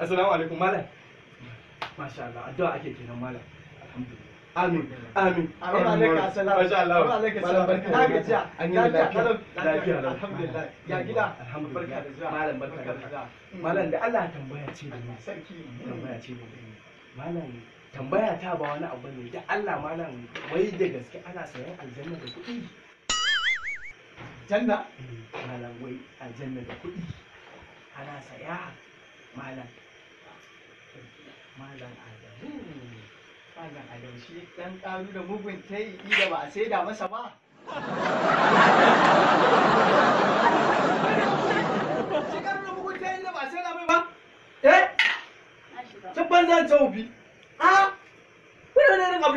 assalamu alaikum malam masha Allah addu'a ake kenan malam alhamdulillah amin amin amin alaikum assalam masha Allah alaikum assalam barka da an lafiya lafiya alhamdulillah ya gida alhamdulillah barka da zuwa malam barka da zuwa malam da Allah tambaya ce da ni sarki tambaya ce da ni malam tambaya ta ba wani abu ne da Allah malam wai da gaske ana sayan aljanna da kuɗi janna eh, malam wai aljanna da kuɗi ana saya malam malam adamu malam adamu shi dan karu da mugun ta yi da ba a saida masa ba da mugun eh zan ah